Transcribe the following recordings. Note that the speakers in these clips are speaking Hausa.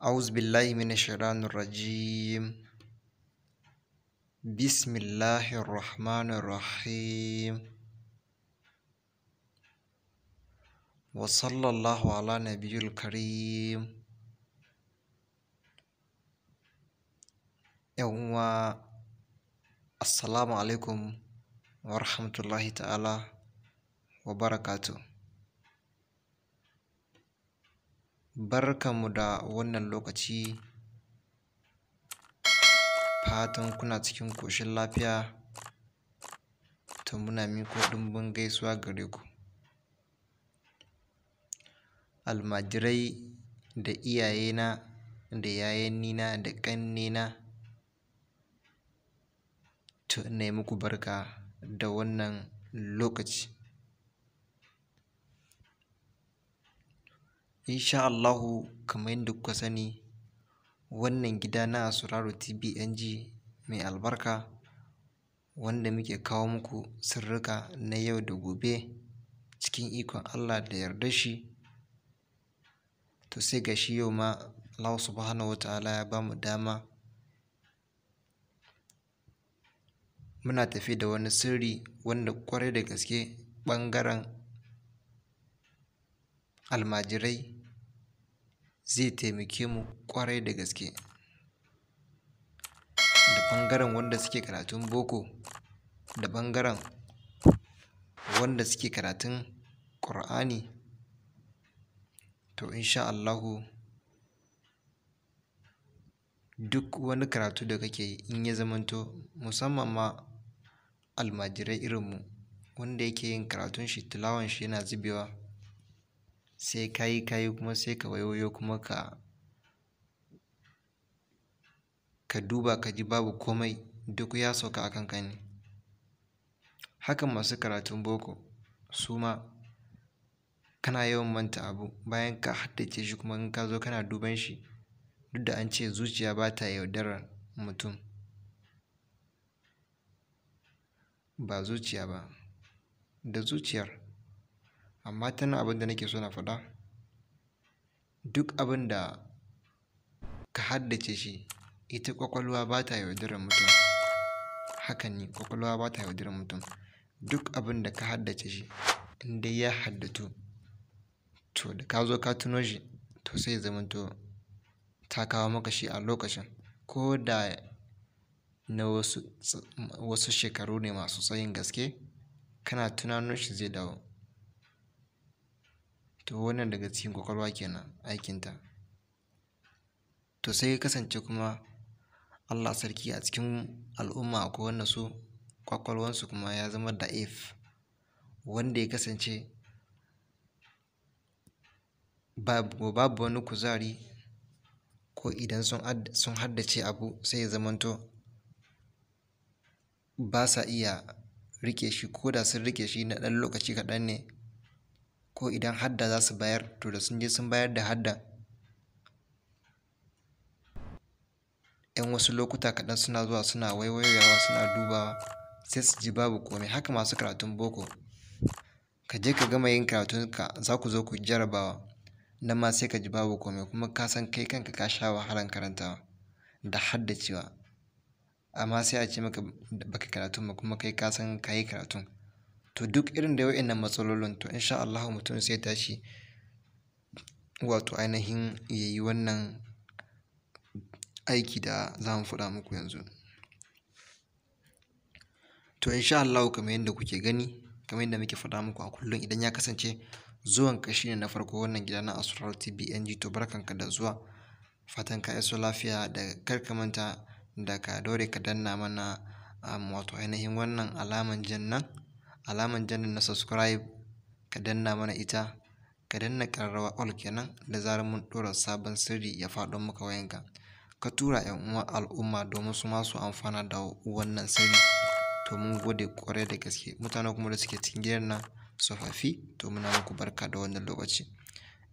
أعوذ بالله من الشيطان الرجيم بسم الله الرحمن الرحيم وصلى الله على نبي الكريم يوم السلام عليكم ورحمة الله تعالى وبركاته Barkanmu da wannan lokaci, fatan kuna cikin koshin lafiya, to muna miƙo ɗumbin gaisuwa gare ku. Almajirai da iyayena da yayannina da ƙannena, to ina yi muku barka da wannan lokaci. Insha Allahu kamar yadda kuka sani wannan gida na Asuraru tbng mai albarka wanda muke kawo muku sirrika na yau da gobe cikin ikon Allah da yardar shi. To sai ga yau ma Allah subhanahu wa ta'ala ya bamu dama muna tafi da wani sirri wanda kware da gaske ɓangaren almajirai zai taimake mu ƙwarai da gaske da ɓangaren wanda suke karatun boko da ɓangaren wanda suke karatun ƙur'ani to insha Allahu duk wani karatu da kake yi in ya zamanto musamman ma almajirai irinmu wanda yake yin karatun shi tilawan shi yana zubewa sai ka yi ka yi kuma sai ka wayoyo kuma ka ka duba ka ji babu komai duk ya sauka a kan ne haka masu karatun boko su ma kana yawan manta abu bayan ka haddace shi kuma in ka zo kana duban shi duk da an ce zuciya ba ta yaudarar mutum ba zuciya ba da zuciyar amma tana abin da nake so na faɗa duk abin da ka haddace shi ita ƙwaƙwalwa ba ta yaudarar mutum haka ne kwakwalwa ba ta yaudarar mutum duk abin da ka haddace shi inda ya haddatu to da ka zo ka tuno shi to sai zama to ta kawo maka shi a lokacin ko da na wasu shekaru ne masu tsayin gaske kana tunanin shi zai dawo to wannan daga cikin ƙwaƙwalwa kenan aikinta to sai ya kasance kuma Allah sarki a cikin al'umma akwai wanda su ƙwaƙwalwansu kuma ya zama da'if wanda ya kasance babu wani kuzari ko idan sun haddace abu sai ya zamanto ba sa iya rike shi ko da sun rike shi na ɗan lokaci kaɗan ne ko idan hadda za su bayar to da sun je sun bayar da hadda yan wasu lokuta kaɗan suna zuwa suna waiwayawa suna dubawa sai su ji babu komai haka masu karatun boko ka je ka gama yin karatunka za ku zo ku jarabawa nan ma sai ka ji babu komai kuma ka san kai kanka ka sha wahalan karantawa da haddacewa amma sai a ce maka baka karatun ba kuma kai ka san ka yi karatun to duk irin da wa'innan matsalolin to insha Allah mutum zai tashi wato ainihin ya yi wannan aiki da za mu faɗa muku yanzu to insha Allah kamar yadda kuke gani kamar yadda muke faɗa muku a kullum idan ya kasance zuwan ka shine na farko wannan gida na Asrar TBNG NG to barkanka da zuwa fatan ka iso lafiya da kar ka manta da ka dore ka danna mana um, wato ainihin wannan alaman jan nan alaman janin na subscribe ka danna mana ita ka danna ƙararrawa all kenan da zarar mun ɗora sabon sirri ya faɗo maka wayanka ka tura 'yan uwa al'umma domin su ma su amfana da wannan sirri to mun gode ƙwarai da gaske mutane kuma da suke cikin gidan nan tsofaffi to muna muku barka da wannan lokaci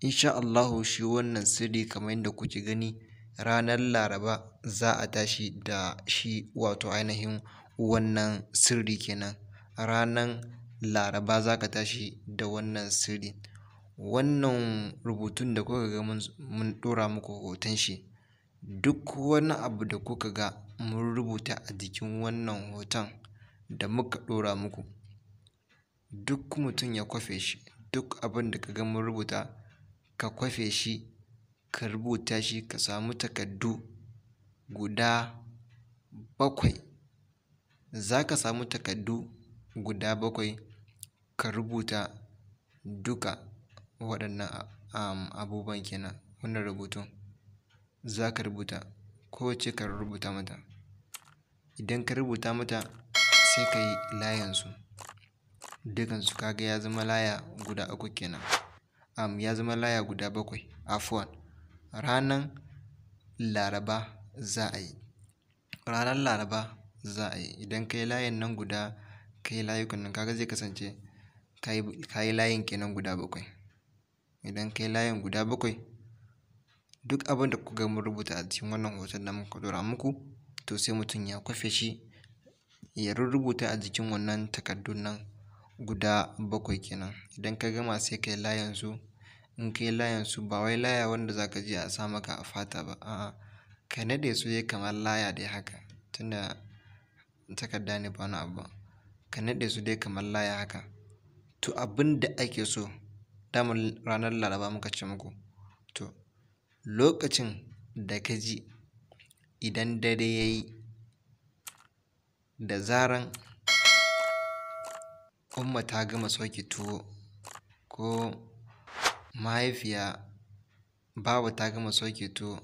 insha Allah shi wannan sirri kamar yadda kuke gani ranar laraba za a tashi da shi wato ainihin wannan sirri kenan ranan Laraba za ka tashi da wannan sirri. Wannan rubutun da kuka ga mun ɗora muku hoton shi, duk wani abu da kuka ga mun rubuta a jikin wannan hoton da muka ɗora muku, duk mutum ya kwafe shi, duk abin da ka ga mun rubuta ka kwafe shi, ka rubuta shi, ka samu takardu guda bakwai. Za ka samu takardu guda bakwai ka rubuta duka waɗannan um, abubuwan kenan wannan rubutun za ka rubuta kowacce ka rubuta mata idan ka rubuta mata sai ka yi layansu dukansu kaga ya zama laya guda uku kenan um, ya zama laya guda bakwai afuwan ranar laraba za a yi ranar laraba za a yi idan ka yi layin nan guda kai layukan nan kaga zai kasance ka yi layin kenan guda bakwai idan ka yi layin guda bakwai duk abin da kuka mun rubuta a cikin wannan hoton da muka dora muku to sai mutum ya kwafe shi ya rubuta a jikin wannan takardun nan guda bakwai kenan idan ka gama sai ka yi su in ka yi layin su ba wai laya wanda za ka je a sa maka a fata ba a'a ka naɗe su ya kamar laya dai haka tunda takarda ne ba wani abu ba ka naɗe su dai kamar laya haka to abin da ake so daman ranar laraba muka ce muku to lokacin da ka ji idan dare ya yi da zaran umma ta gama soke tuwo ko mahaifiya babu ta gama soke tuwo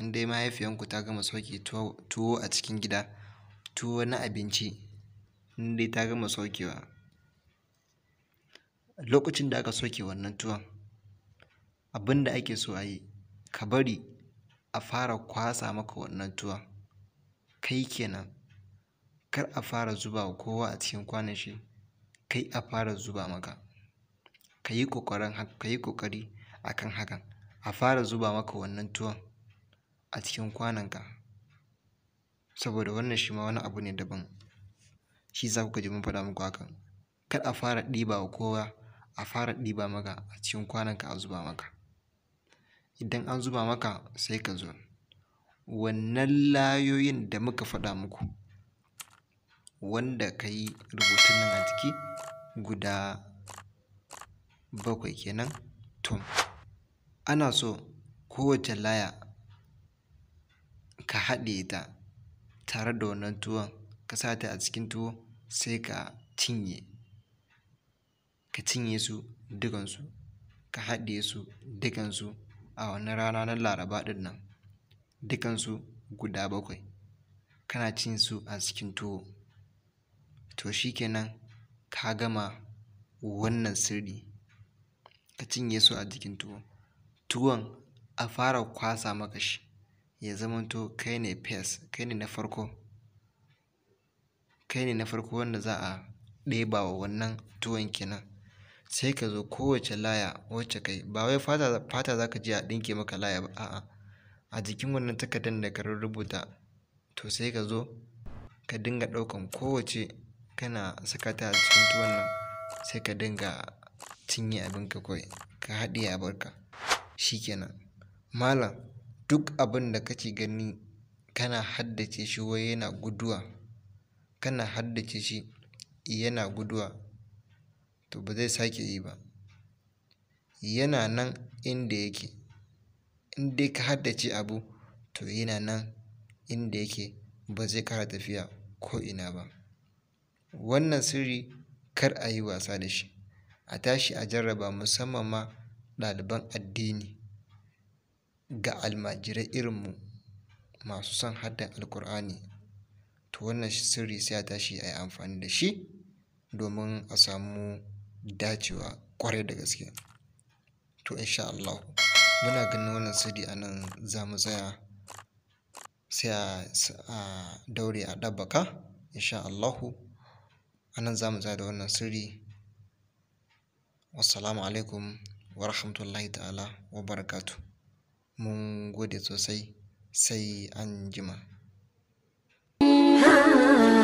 in dai mahaifiyanku ta gama soke tuwo a cikin gida tuwo na abinci in dai ta gama saukewa lokacin da aka soke wannan tuwon abin da ake so a yi ka bari a fara kwasa maka wannan tuwon kai kenan kar a fara zuba wa kowa a cikin kwanan shi kai a fara zuba maka ka yi ƙoƙari a kan hakan a fara zuba maka wannan tuwon a cikin kwanonka saboda wannan shi ma wani abu ne daban shi za ku gaji mun faɗa muku hakan kar a fara ɗiba wa kowa a fara ɗiba maka a cikin kwanonka a zuba maka idan an zuba maka sai ka zo wannan layoyin da muka faɗa muku wanda ka yi rubutun nan a ciki guda bakwai kenan tom ana so kowace laya ka haɗe ta tare da wannan tuwon ka sa ta a cikin tuwo sai ka cinye ka cinye su dukansu ka haɗe su dukansu a wani rana na laraba ɗin nan dukansu guda bakwai kana cin su a cikin tuwo to shi shikenan ka gama wannan sirri ka cinye su a jikin tuwo tuwon a fara kwasa maka shi ya zamanto kai ne fes kai ne na farko kai ne na farko wanda za a ɗeba wa wannan tuwon kenan sai ka zo kowace laya wacce kai ba wai fata za ka je a ɗinke maka laya ba a'a a jikin wannan takardar da ka rubuta to sai ka zo ka dinga ɗaukan kowace kana saka ta cikin tuwon nan sai ka dinga cinye ka kawai ka haɗe barka shi kenan malam duk abin da kake gani kana haddace shi wai yana guduwa kana haddace shi yana guduwa to ba zai sake yi ba yana nan inda yake in dai ka haddace abu to yana nan inda yake ba zai kara tafiya ko ina ba wannan sirri kar a yi wasa da shi a tashi a jarraba musamman ma ɗaliban addini ga almajirai irinmu masu son haddan alkur'ani to wannan sirri sai a tashi a yi amfani da shi domin a samu dacewa ƙwarai da gaske to insha Allah muna ganin wannan sirri a nan za mu tsaya sai a daure a ɗabbaka insha Allah a nan za mu tsaya da wannan sirri wasu alaikum wa rahmatullahi ta'ala wa barakatu mun gode sosai sai an jima time